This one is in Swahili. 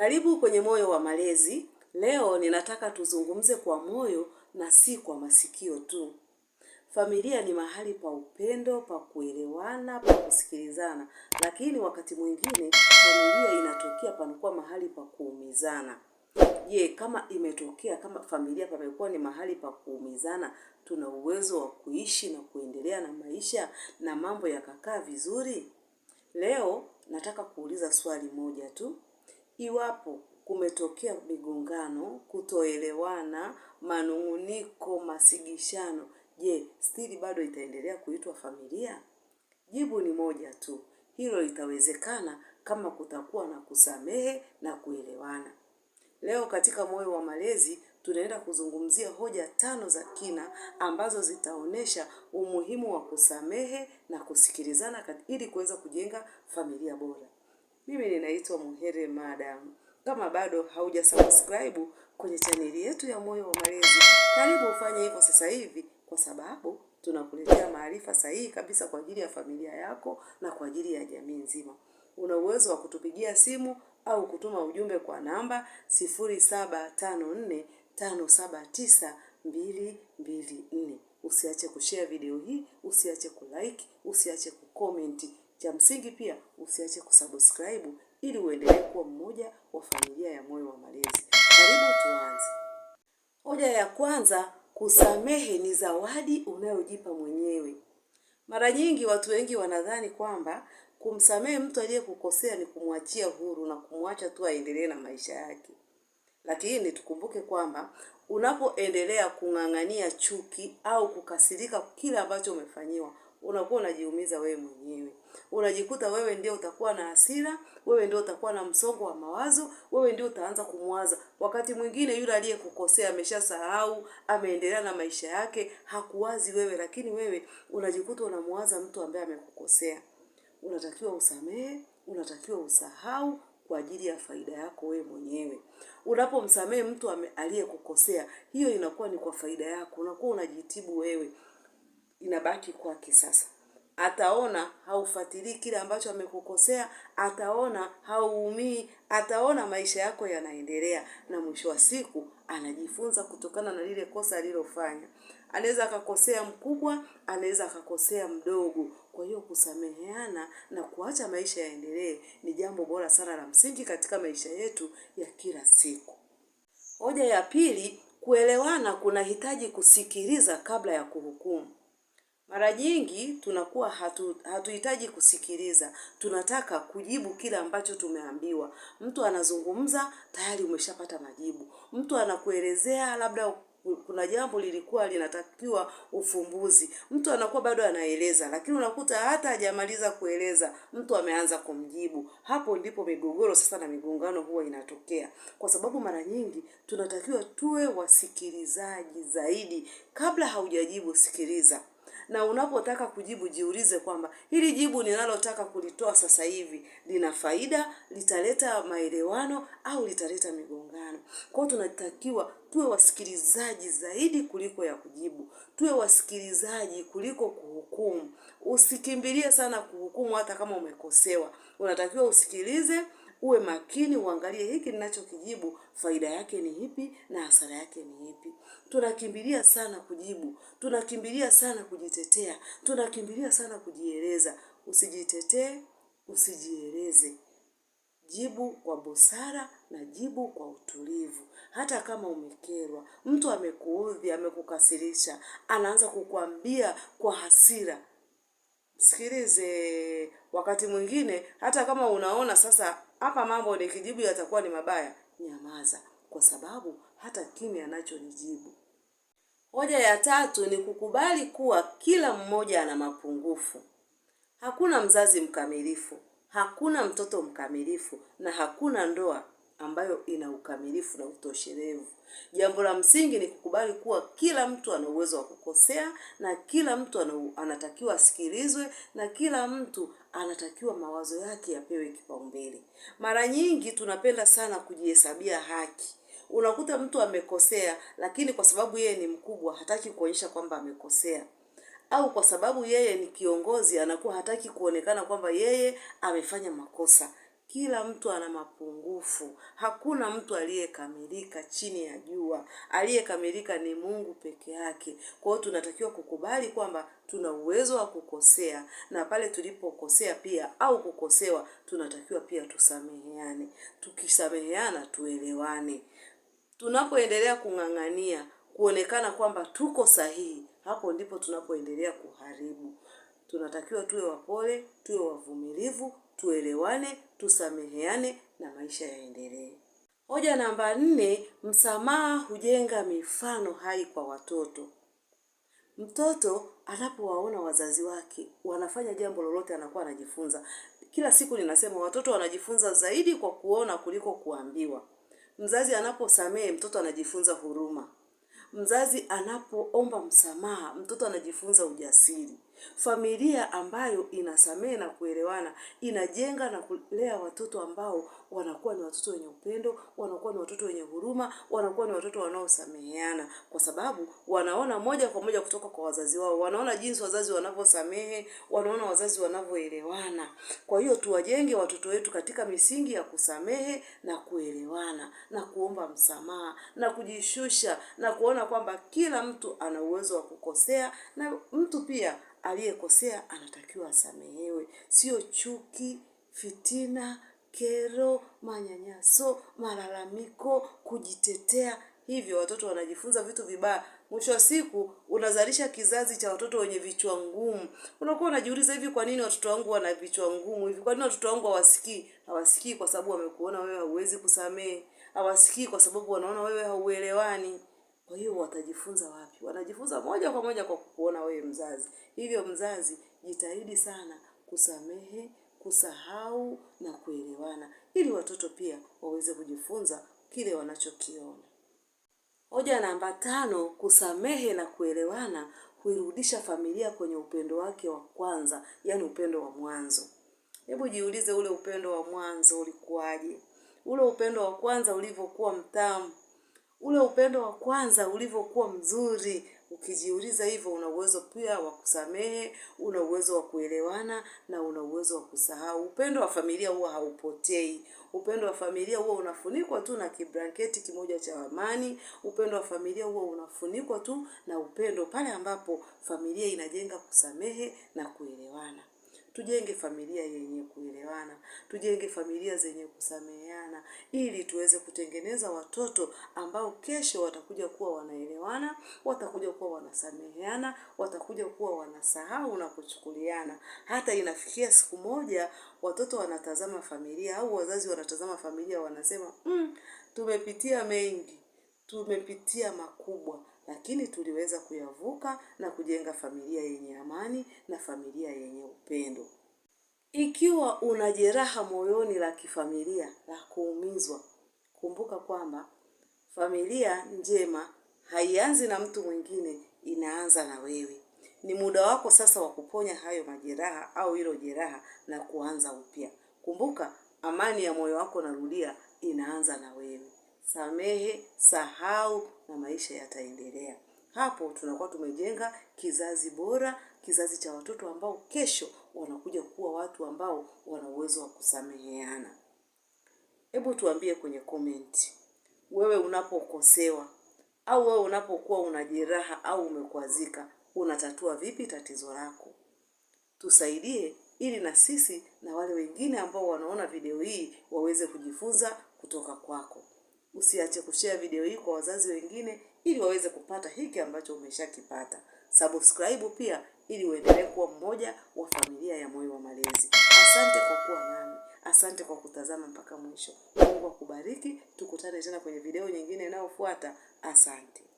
Karibu kwenye Moyo wa Malezi. Leo ninataka tuzungumze kwa moyo na si kwa masikio tu. Familia ni mahali pa upendo, pa kuelewana, pa kusikilizana, lakini wakati mwingine familia inatokea panakuwa mahali pa kuumizana. Je, kama imetokea kama familia pamekuwa ni mahali pa kuumizana, tuna uwezo wa kuishi na kuendelea na maisha na mambo yakakaa vizuri? Leo nataka kuuliza swali moja tu. Iwapo kumetokea migongano, kutoelewana, manung'uniko, masigishano, je, stili bado itaendelea kuitwa familia? Jibu ni moja tu, hilo litawezekana kama kutakuwa na kusamehe na kuelewana. Leo katika Moyo wa Malezi tunaenda kuzungumzia hoja tano za kina ambazo zitaonyesha umuhimu wa kusamehe na kusikilizana ili kuweza kujenga familia bora. Mimi ninaitwa Muhere Madam. Kama bado hauja subscribe kwenye chaneli yetu ya Moyo wa Malezi, karibu ufanye hivyo sasa hivi, kwa sababu tunakuletea maarifa sahihi kabisa kwa ajili ya familia yako na kwa ajili ya jamii nzima. Una uwezo wa kutupigia simu au kutuma ujumbe kwa namba 0754579224. Usiache kushare video hii, usiache kulike, usiache kucomment. Cha msingi pia usiache kusubscribe ili uendelee kuwa mmoja wa familia ya Moyo wa Malezi. Karibu tuanze. Hoja ya kwanza, kusamehe ni zawadi unayojipa mwenyewe. Mara nyingi watu wengi wanadhani kwamba kumsamehe mtu aliyekukosea ni kumwachia huru na kumwacha tu aendelee na maisha yake, lakini tukumbuke kwamba unapoendelea kung'ang'ania chuki au kukasirika kile ambacho umefanyiwa, unakuwa unajiumiza wewe mwenyewe. Unajikuta wewe ndio utakuwa na hasira, wewe ndio utakuwa na msongo wa mawazo, wewe ndio utaanza kumwaza. Wakati mwingine yule aliyekukosea ameshasahau, ameendelea na maisha yake, hakuwazi wewe, lakini wewe unajikuta unamwaza mtu ambaye amekukosea. Unatakiwa usamehe, unatakiwa usahau kwa ajili ya faida yako wewe mwenyewe. Unapomsamehe mtu aliyekukosea, hiyo inakuwa ni kwa faida yako, unakuwa unajitibu wewe inabaki kwake sasa. Ataona haufuatilii kile ambacho amekukosea, ataona hauumii, ataona maisha yako yanaendelea, na mwisho wa siku anajifunza kutokana na lile kosa alilofanya. Anaweza akakosea mkubwa, anaweza akakosea mdogo. Kwa hiyo kusameheana na kuacha maisha yaendelee ni jambo bora sana la msingi katika maisha yetu ya kila siku. Hoja ya pili, kuelewana kunahitaji kusikiliza kabla ya kuhukumu. Mara nyingi tunakuwa hatu hatuhitaji kusikiliza, tunataka kujibu kile ambacho tumeambiwa. Mtu anazungumza, tayari umeshapata majibu. Mtu anakuelezea labda kuna jambo lilikuwa linatakiwa ufumbuzi, mtu anakuwa bado anaeleza, lakini unakuta hata hajamaliza kueleza, mtu ameanza kumjibu. Hapo ndipo migogoro sasa na migongano huwa inatokea, kwa sababu mara nyingi tunatakiwa tuwe wasikilizaji zaidi. Kabla haujajibu, sikiliza na unapotaka kujibu jiulize kwamba hili jibu ninalotaka kulitoa sasa hivi lina faida, litaleta maelewano au litaleta migongano. Kwa hiyo tunatakiwa tuwe wasikilizaji zaidi kuliko ya kujibu, tuwe wasikilizaji kuliko kuhukumu. Usikimbilie sana kuhukumu, hata kama umekosewa, unatakiwa usikilize uwe makini, uangalie hiki ninachokijibu, faida yake ni ipi na hasara yake ni ipi. Tunakimbilia sana kujibu, tunakimbilia sana kujitetea, tunakimbilia sana kujieleza. Usijitetee, usijieleze. Jibu kwa busara na jibu kwa utulivu. Hata kama umekerwa, mtu amekuudhi, amekukasirisha, anaanza kukuambia kwa hasira, sikilize Wakati mwingine hata kama unaona sasa hapa mambo nikijibu yatakuwa ni mabaya, nyamaza, kwa sababu hata kimya anachonijibu. nijibu. Hoja ya tatu ni kukubali kuwa kila mmoja ana mapungufu. Hakuna mzazi mkamilifu, hakuna mtoto mkamilifu, na hakuna ndoa ambayo ina ukamilifu na utoshelevu. Jambo la msingi ni kukubali kuwa kila mtu ana uwezo wa kukosea na kila mtu ana, anatakiwa asikilizwe na kila mtu anatakiwa mawazo yake yapewe kipaumbele. Mara nyingi tunapenda sana kujihesabia haki. Unakuta mtu amekosea, lakini kwa sababu yeye ni mkubwa hataki kuonyesha kwamba amekosea au kwa sababu yeye ni kiongozi anakuwa hataki kuonekana kwamba yeye amefanya makosa. Kila mtu ana mapungufu, hakuna mtu aliyekamilika chini ya jua. Aliyekamilika ni Mungu peke yake. Kwa hiyo tunatakiwa kukubali kwamba tuna uwezo wa kukosea, na pale tulipokosea pia au kukosewa, tunatakiwa pia tusameheane. Tukisameheana tuelewane. Tunapoendelea kung'ang'ania kuonekana kwamba tuko sahihi, hapo ndipo tunapoendelea kuharibu. Tunatakiwa tuwe wapole, tuwe wavumilivu tuelewane, tusameheane na maisha yaendelee. Hoja namba nne, msamaha hujenga mifano hai kwa watoto. Mtoto anapowaona wazazi wake wanafanya jambo lolote, anakuwa anajifunza. Kila siku ninasema watoto wanajifunza zaidi kwa kuona kuliko kuambiwa. Mzazi anaposamehe, mtoto anajifunza huruma. Mzazi anapoomba msamaha, mtoto anajifunza ujasiri. Familia ambayo inasamehe na kuelewana inajenga na kulea watoto ambao wanakuwa ni watoto wenye upendo, wanakuwa ni watoto wenye huruma, wanakuwa ni watoto wanaosameheana, kwa sababu wanaona moja kwa moja kutoka kwa wazazi wao, wanaona jinsi wazazi wanavyosamehe, wanaona wazazi wanavyoelewana. Kwa hiyo tuwajenge watoto wetu katika misingi ya kusamehe na kuelewana na kuomba msamaha na kujishusha na kuona kwamba kila mtu ana uwezo wa kukosea na mtu pia aliyekosea anatakiwa asamehewe, sio chuki, fitina, kero, manyanyaso, malalamiko, kujitetea. Hivyo watoto wanajifunza vitu vibaya. Mwisho wa siku unazalisha kizazi cha watoto wenye vichwa ngumu. Unakuwa unajiuliza hivi, kwa nini watoto wangu wana vichwa ngumu hivi? Kwa nini watoto wangu hawasikii? Hawasikii kwa sababu wamekuona wewe hauwezi kusamehe, hawasikii kwa sababu wanaona wewe hauelewani. Kwa hiyo watajifunza wapi? Wanajifunza moja kwa moja kwa kukuona wewe mzazi. Hivyo mzazi, jitahidi sana kusamehe, kusahau na kuelewana, ili watoto pia waweze kujifunza kile wanachokiona. Hoja namba tano, kusamehe na kuelewana huirudisha familia kwenye upendo wake wa kwanza, yaani upendo wa mwanzo. Hebu jiulize, ule upendo wa mwanzo ulikuwaje? Ule upendo wa kwanza ulivyokuwa mtamu ule upendo wa kwanza ulivyokuwa mzuri. Ukijiuliza hivyo, una uwezo pia wa kusamehe, una uwezo wa kuelewana na una uwezo wa kusahau. Upendo wa familia huwa haupotei. Upendo wa familia huwa unafunikwa tu na kiblanketi kimoja cha amani. Upendo wa familia huwa unafunikwa tu na upendo, pale ambapo familia inajenga kusamehe na kuelewana. Tujenge familia yenye kuelewana, tujenge familia zenye kusameheana, ili tuweze kutengeneza watoto ambao kesho watakuja kuwa wanaelewana, watakuja kuwa wanasameheana, watakuja kuwa wanasahau na kuchukuliana. Hata inafikia siku moja watoto wanatazama familia au wazazi wanatazama familia, wanasema mm, tumepitia mengi, tumepitia makubwa, lakini tuliweza kuyavuka na kujenga familia yenye amani na familia yenye upendo. Ikiwa una jeraha moyoni la kifamilia la kuumizwa, kumbuka kwamba familia njema haianzi na mtu mwingine, inaanza na wewe. Ni muda wako sasa wa kuponya hayo majeraha au hilo jeraha na kuanza upya. Kumbuka, amani ya moyo wako, narudia, inaanza na wewe samehe, sahau na maisha yataendelea. Hapo tunakuwa tumejenga kizazi bora, kizazi cha watoto ambao kesho wanakuja kuwa watu ambao wana uwezo wa kusameheana. Hebu tuambie kwenye komenti, wewe unapokosewa au wewe unapokuwa una jeraha au umekwazika, unatatua vipi tatizo lako? Tusaidie ili na sisi na wale wengine ambao wanaona video hii waweze kujifunza kutoka kwako. Usiache kushare video hii kwa wazazi wengine ili waweze kupata hiki ambacho umeshakipata. Subscribe pia ili uendelee kuwa mmoja wa familia ya Moyo wa Malezi. Asante kwa kuwa nami. Asante kwa kutazama mpaka mwisho. Mungu akubariki. Tukutane tena kwenye video nyingine inayofuata. Asante.